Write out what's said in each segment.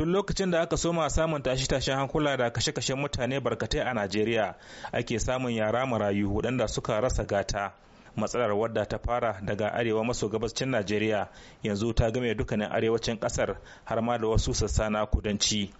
tun lokacin da aka soma samun tashe-tashen hankula da kashe-kashen mutane barkatai a najeriya ake samun yara marayu waɗanda suka rasa gata matsalar wadda ta fara daga arewa maso gabascin najeriya yanzu ta game dukkanin arewacin kasar har ma da wasu sassa na kudanci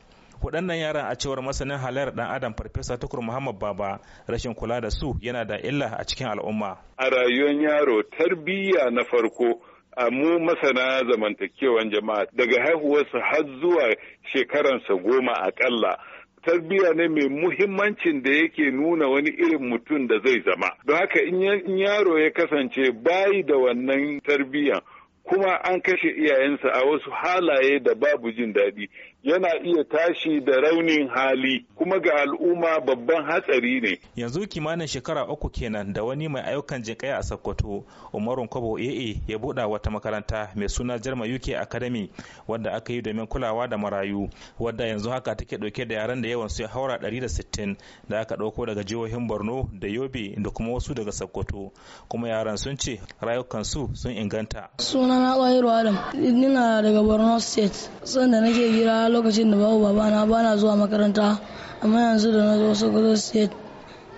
waɗannan yaran a cewar masanin halayyar dan adam farfesa tukur muhammad baba rashin kula da su yana da illa a cikin al'umma a rayuwar yaro tarbiyya na farko a mu masana zamantakewan jama'a daga haihuwarsa har zuwa shekaransa goma akalla tarbiyya ne mai muhimmancin da yake nuna wani irin mutum da zai zama don haka in yaro ya kasance bayi da wannan tarbiyyan kuma an kashe iyayensa a wasu halaye da babu jin daɗi yana iya tashi da raunin hali kuma ga al'umma babban hatsari ne yanzu kimanin shekara uku kenan da wani mai ayyukan jinƙai a sokoto umarun kwabo ee ya buɗa wata makaranta mai suna jarma uk academy wadda aka yi domin kulawa da marayu wadda yanzu haka take ɗauke da yaran da yawan su haura 160 da sittin da aka ɗauko daga jihohin borno da yobe da kuma wasu daga sokoto kuma yaran sun ce rayukansu sun inganta suna sunana Ƙwahiru Adam. Ina daga Borno State. Sanda nake gida lokacin da babu babana bana zuwa makaranta. Amma yanzu da na zo Sokoto State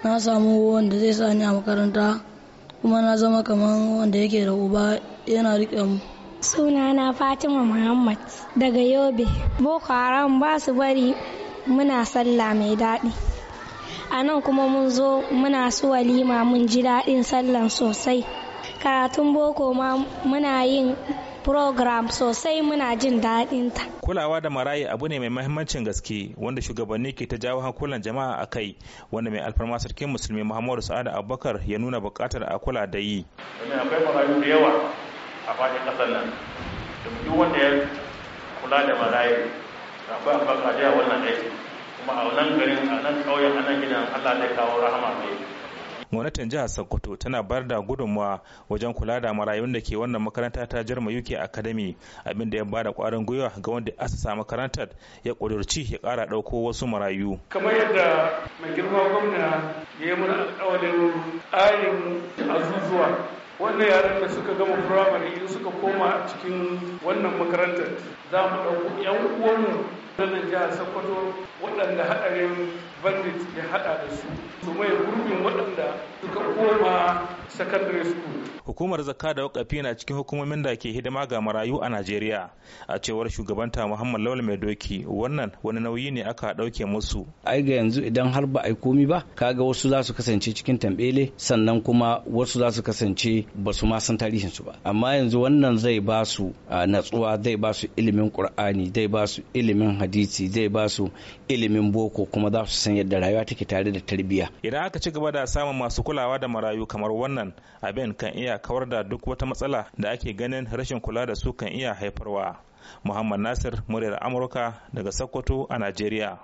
na samu wanda zai sa ni a makaranta. Kuma na zama kamar wanda yake da uba yana riƙe mu. Sunana Fatima Muhammad daga Yobe. Boko Haram ba su bari muna sallah mai daɗi. A nan kuma mun zo muna su walima mun ji daɗin sallan sosai. karatun boko ma muna yin program sosai muna jin daɗin ta. Kulawa da marayi abu ne mai mahimmancin gaske wanda shugabanni ke ta jawo hankulan jama'a a kai wanda mai alfarma sarkin musulmi Muhammadu Sa'ad Abubakar ya nuna buƙatar a kula da yi. Domin akwai marayu da yawa a faɗin ƙasar nan. Domin duk wanda ya kula da marayu akwai Abubakar da wannan aiki kuma a nan garin a nan ƙauyen a nan gidan Allah zai kawo rahama mai gwamnatin jihar sokoto tana bayar da gudunmawa wajen kula da marayun da ke wannan makaranta ta jarma uk academy abin da ya bada kwarin gwiwa ga wanda asasa makarantar ya kudurci ya kara ɗauko wasu marayu kamar yadda mai girma gwamna ya yi mana alƙawarin ayin wannan yaran da suka gama firamare in suka koma cikin wannan makarantar za mu ɗauko yan uwanmu na nan jihar sokoto waɗanda haɗarin bandit ya haɗa da su su mai gurbin waɗanda suka koma secondary school hukumar zakka da wakafi na cikin hukumomin da ke hidima ga marayu a najeriya a cewar shugabanta muhammad lawal mai doki wannan wani nauyi ne aka dauke musu ai ga yanzu idan har ba a yi komi ba kaga wasu za su kasance cikin tambele sannan kuma wasu za su kasance ba su ma san tarihin su ba amma yanzu wannan zai ba su natsuwa zai ba su ilimin qur'ani zai ba su ilimin hadisi zai ba su ilimin boko kuma za su san yadda rayuwa take tare da tarbiyya idan aka ci gaba da samun masu kulawa da marayu kamar wannan abin kan iya kawar da duk wata matsala da ake ganin rashin kula da su kan iya haifarwa muhammad nasir muryar amurka daga sokoto a najeriya